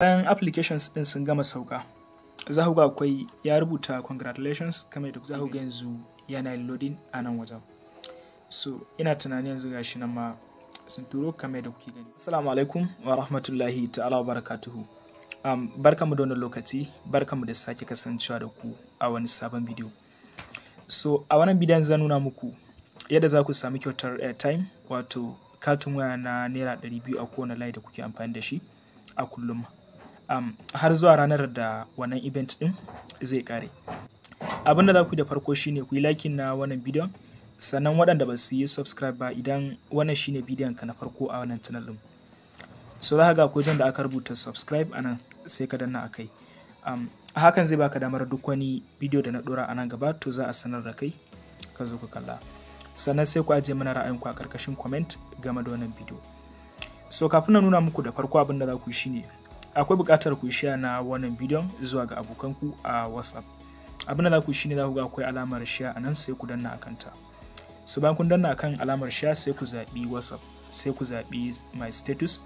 bayan applications din sun gama sauka za ga akwai ya rubuta congratulations kamar da za ku ga yanzu yana loading a nan wajen so ina tunanin yanzu gashi nan ma sun turo kamar da kuke gani assalamu alaikum wa rahmatullahi ta'ala wa barakatuhu um, barkamu da wannan lokaci barkamu da sake kasancewa da ku a wani sabon bidiyo so a wannan bidiyon zan nuna muku yadda za ku sami kyautar airtime wato katin waya na naira 200 a kowane layi da kuke amfani da shi a kullum um, har zuwa ranar da wannan event din zai kare abin da za ku da farko shine ku yi likin na wannan bidiyon sannan waɗanda ba su yi subscribe ba idan wannan shine bidiyon ka na farko a wannan channel din so za ka ga ko da aka rubuta subscribe anan sai ka danna kai. um, hakan zai baka damar duk wani bidiyo da na dora a nan gaba to za a sanar da kai ka zo ka kalla sannan sai ku ajiye mana ra'ayinku a karkashin comment game da wannan bidiyo so kafin na nuna muku da farko abin da za ku shine akwai buƙatar ku share na wannan bidiyon zuwa ga abokanku a whatsapp abin da za ku shine za ku ga akwai alamar share a nan sai ku danna akan ta so bayan kun danna akan alamar share sai ku zaɓi whatsapp sai ku zaɓi my status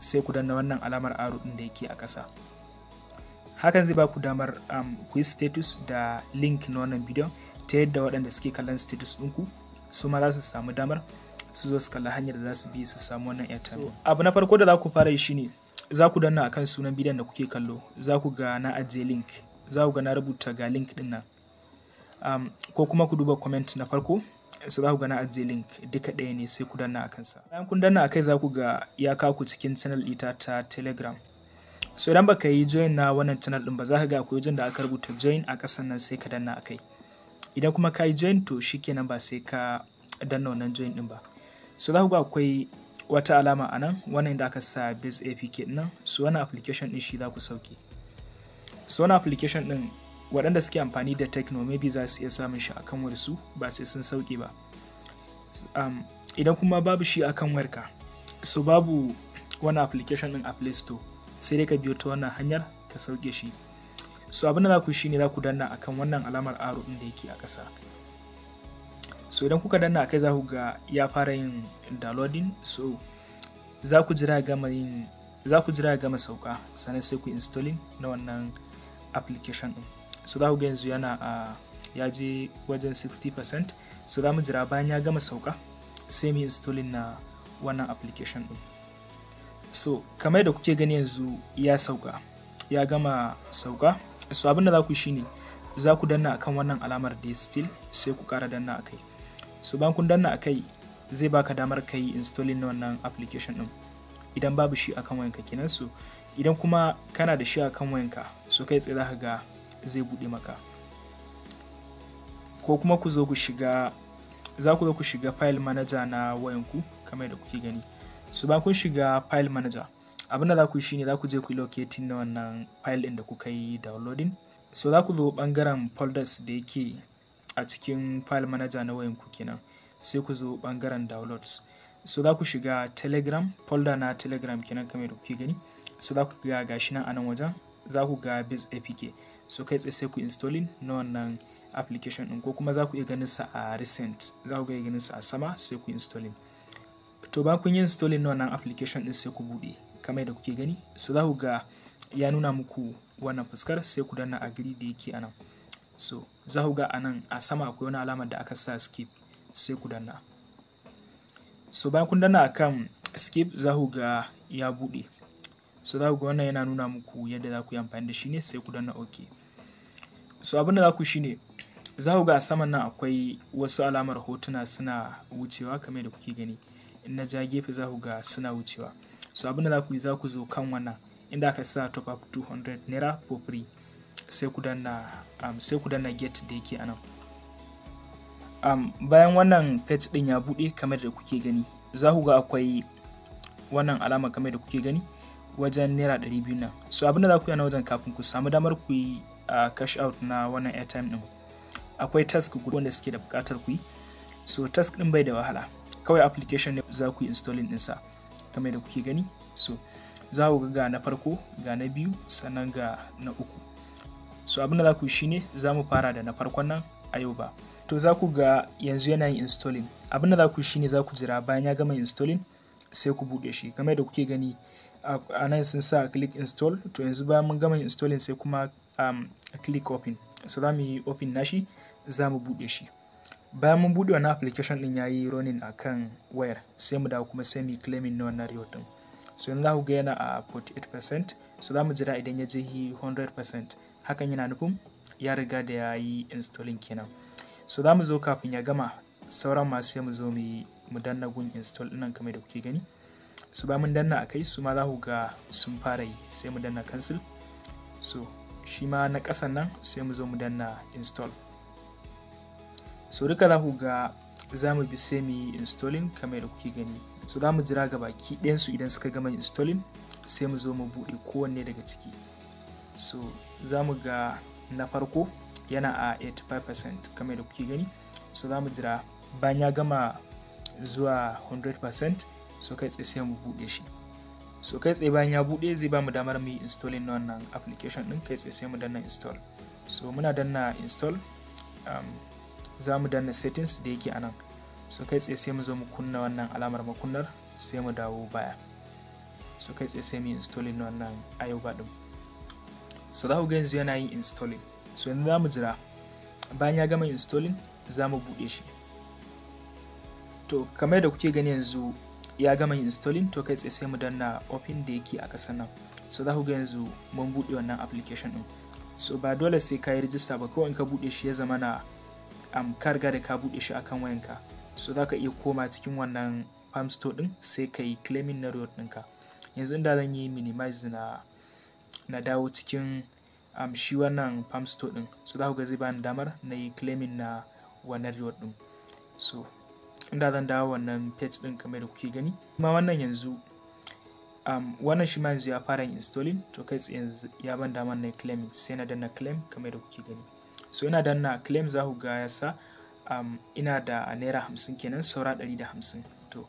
sai ku danna wannan alamar aro ɗin da yake a ƙasa hakan zai ba ku damar um, ku yi status da link na wannan bidiyon ta yadda waɗanda suke kallon status ɗinku su ma za su samu damar su zo su kalla hanyar da za su bi su samu wannan airtime abu na farko da za ku fara yi shine za ku danna akan sunan bidiyon da kuke kallo za ku ga na ajiye link za ku ga na rubuta ga link din nan um, ko kuma ku duba comment na farko so za ku ga na ajiye link duka ɗaya ne sai ku danna a kansa bayan kun danna akai kai za ku ga ya kaku cikin channel ita ta telegram so idan baka yi join na wannan channel din ba za ka ga akwai wajen da aka rubuta join a ƙasan nan sai ka danna akai idan kuma ka yi join to shikenan ba sai ka danna wannan join din ba so za ku ga akwai wata alama a nan wannan da aka sa biz apk nan su wani application din shi za ku sauke su wani application din waɗanda suke amfani da techno maybe za su iya samun shi akan su ba sai sun sauke ba um, idan kuma babu shi akan warka so babu wani application din a play store sai dai ka biyo ta wannan hanyar ka sauke shi so abin da za ku shi ne za ku danna akan wannan alamar aro din da yake a ƙasa so idan kuka danna kai za ku ga ya fara yin downloading so za ku jira gama yin za ku jira gama sauka sannan sai ku installing na wannan application din so za ku ga yanzu yana a ya je wajen 60% so za mu jira bayan ya gama sauka sai mu installing na wannan application din so kamar da kuke gani yanzu ya sauka ya gama sauka so abin da za ku shine za ku danna akan wannan alamar da still sai ku kara danna akai so bankun kun danna akai zai baka damar ka yi installing na wannan application din idan babu shi akan wayanka kenan so idan kuma kana da shi akan wayanka so kai tsaye zaka ga zai bude maka ko kuma ku zo ku shiga za ku zo ku shiga file manager na wayanku kamar da kuke gani so bayan kun shiga file manager abin da za ku yi shine za ku je ku yi locating na wannan file din da kuka yi downloading so za ku zo bangaren folders da yake a cikin file manager na wayan wayanku kenan sai ku zo bangaren downloads so za ku shiga telegram folder na telegram kenan kamar da kuke gani so za ku ga gashi nan a nan wajen za ku ga base apk so kai tsaye sai ku installing na wannan application din ko kuma za ku iya ganin sa a recent za ku iya ganin sa a sama sai ku installing to ba kun yi installing na wannan application din sai ku bude kamar da kuke gani so za ku ga ya nuna muku wannan fuskar sai ku danna agree da yake a nan so za ku ga a a sama akwai wani alamar da aka sa skip sai ku danna so bayan kun danna akan skip za ku ga ya bude. so za ku ga wannan yana nuna muku yadda za ku yi amfani da shi ne sai ku danna ok so abin da za ku shi za ku ga a saman nan akwai wasu alamar hotuna suna wucewa kamar da kuke gani in na ja gefe za ku ga suna wucewa so abin da za ku yi za ku zo kan wannan inda aka sa top up 200 naira for free sai ku danna um, sai ku danna get da yake anan um, bayan wannan page din ya bude kamar da kuke gani za ku ga akwai wannan alama kamar da kuke gani wajen naira 200 nan so abinda za ku yi na wajen kafin ku samu damar ku yi uh, cash out na wannan airtime din akwai task guda wanda suke da bukatar ku yi so task din bai da wahala kawai application ne za ku yi installing ɗinsa kamar da kuke gani so za ku ga na farko ga na biyu sannan ga na uku so abin da za ku shine za mu fara da na farkon nan a yau ba to za ku ga yanzu yana yin installing abin da za ku shine za ku jira bayan ya gama installing sai ku buɗe shi kamar da kuke gani a nan sun sa click install to yanzu bayan mun gama installing sai kuma um, click open so za mu yi open nashi za mu buɗe shi bayan mun buɗe wannan application din yayi running akan kan wayar sai mu dawo kuma sai mu claiming na wannan reward din so yanzu za ku ga yana a 48% so za mu jira idan ya je 100% hakan yana nufin ya riga da ya yi installing kenan so za mu zo kafin ya gama sauran masu sai mu zo mu danna gun install ɗinnan kamar da kuke gani su ba mun danna a kai su ma za ku ga sun fara yi sai mu danna cancel so shi ma na ƙasan nan sai mu zo mu danna install so duka za ku ga za mu bi sai mu yi installing kamar da kuke gani so za mu jira ga baki ɗayansu idan suka gama installing sai mu zo mu buɗe kowanne daga ciki so za mu ga na farko yana a 85% kamar da kuke gani so za mu jira bayan ya gama zuwa 100% so kai tsaye sai mu buɗe shi so kai tsaye bayan ya buɗe zai ba mu damar mu yi installing na wannan application ɗin kai tsaye sai mu danna install so muna danna install um, za mu danna settings da yake anan nan so kai tsaye sai mu zo mu kunna wannan alamar makunnar sai mu dawo baya so kai tsaye sai mu yi installing na wannan ayyuka ɗin so za ku ga yanzu yana yin installing so yanzu za mu jira bayan ya gama installing za mu buɗe shi to kamar da kuke gani yanzu ya gama yin installing to kai tsaye sai mu danna open da yake a ƙasa nan so za ku ga yanzu mun buɗe wannan application ɗin so ba dole sai ka yi rijista ba kawai in ka buɗe shi ya zama na am ka riga da ka buɗe shi akan wayanka so za ka iya koma cikin wannan farm store ɗin sai ka yi claiming na din ɗinka yanzu inda zan yi minimize na na dawo cikin um, shi wannan farm store din so za ku ga zai bani damar na yi claiming na wannan reward din so inda zan dawo wannan page din kamar da kuke gani kuma wannan yanzu um, wannan shi ma yanzu ya fara installing to kai tsaye yanzu ya ban damar na claiming sai na danna claim kamar da kuke gani so ina danna claim za ku ga ya sa um, ina da naira hamsin kenan saura ɗari da hamsin to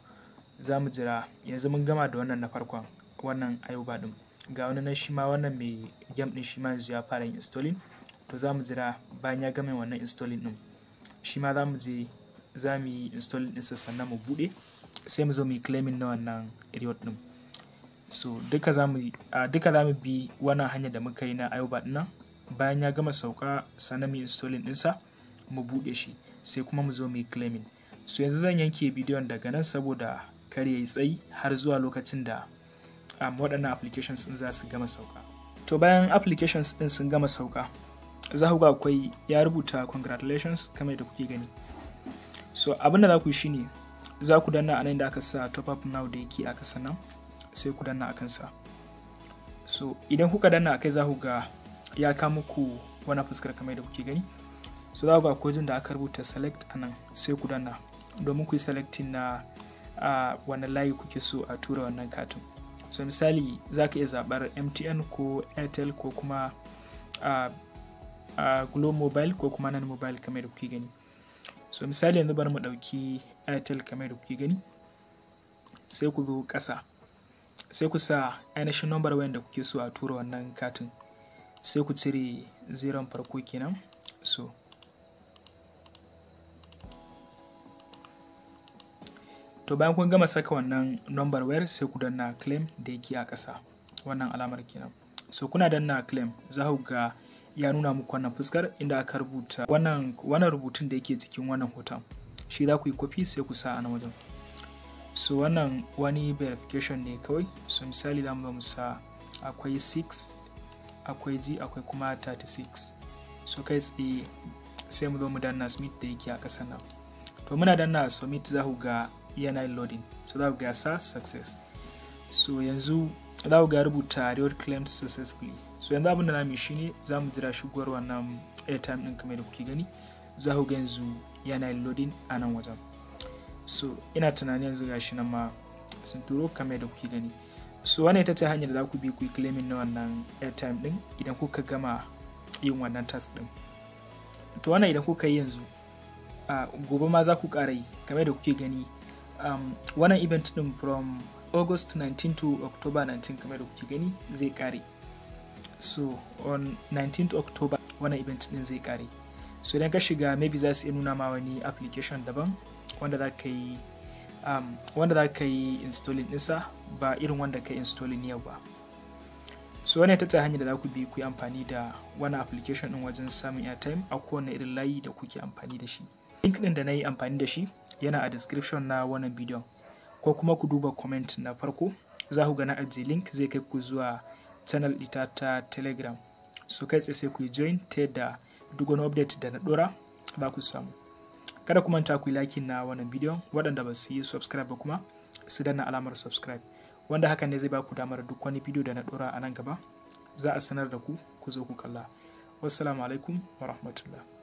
za mu jira yanzu mun gama da wannan na farkon wannan ayuba din ga wani nan shi ma wannan mai gem ɗin shi ma yanzu ya fara yin installing to za mu jira bayan ya gama wannan installing din. shi ma za mu je za mu yi installing ɗinsa sannan mu buɗe sai mu zo mu yi claiming na wannan reward din. so duka za mu duka za bi wannan hanyar da muka yi na ayoba din nan bayan ya gama sauka sannan mu yi installing ɗinsa mu buɗe shi sai kuma mu zo mu yi claiming so yanzu zan yanke bidiyon daga nan saboda kar ya yi tsayi har zuwa lokacin da um, waɗannan applications ɗin za su gama sauka to bayan applications ɗin sun gama sauka za ku ga akwai ya rubuta congratulations kamar da kuke gani so abin da za ku yi ne za ku danna anan da aka sa top up now da yake aka sana sai ku danna akan sa so idan kuka danna akai za ku ga ya kama ku wani fuskar kamar da kuke gani so za ku ga akwai jin da aka rubuta select anan sai ku danna domin ku yi selecting na uh, wani layi kuke so a tura wannan katin so misali za ka iya zabar mtn ko airtel ko kuma a uh, glo mobile ko kuma nan mobile kamar da kuke gani so misali yanzu bar mu ɗauki airtel kamar da kuke gani sai ku zo kasa sai ku sa ainihin nombar wayan da kuke so a tura wannan katin sai ku cire zeron farko kenan so to bayan kun gama saka wannan number wayar sai ku danna claim da yake a ƙasa wannan alamar kenan so kuna danna claim za ku ga ya nuna muku wannan fuskar inda aka rubuta wannan wannan rubutun da yake cikin wannan hoton shi za ku yi copy sai ku sa a nan wajen so wannan wani verification ne kawai so misali za mu sa akwai 6 akwai g akwai kuma 36 so kai tsaye sai mu zo mu danna submit da yake a ƙasa nan to muna danna submit za ku ga yana e loading so za ku ga SaaS success so yanzu za ku ga rubuta reward claims successfully so yanzu abin da na mi ne za mu jira shigowar wannan airtime din kamar da kuke gani za ku ga yanzu yana e loading a nan wajen so ina tunanin yanzu gashi nan ma sun turo kamar da kuke gani so wannan ita ce hanyar da za ku bi ku yi claiming na wannan airtime ɗin idan kuka gama yin wannan task ɗin to wannan idan kuka yi yanzu gobe ma za ku ƙara yi kamar da kuke gani um, wannan event din from august 19 to october 19 kamar da kuke gani zai kare so on 19 october wannan event din zai kare so idan ka shiga maybe za su iya nuna ma wani application daban wanda za ka yi um, wanda za ka yi installing nisa ba irin wanda ka yi installing yau ba so wannan ta hanyar da za ku bi ku yi amfani da wani application din wajen samun airtime a kowane irin layi da kuke amfani da shi link din da na yi amfani da shi yana a description na wannan bidiyon ko kuma ku duba comment na farko za ku gana ajiye link zai kai ku zuwa channel ita ta telegram so kai tsaye sai ku join ta da duk wani update da na dora za ku samu kada ku manta ku yi like na wannan bidiyon waɗanda ba su yi subscribe ba kuma su danna alamar subscribe wanda hakan ne zai ba ku damar duk wani bidiyo da na dora a nan gaba za a sanar da ku ku zo ku kalla wassalamu alaikum wa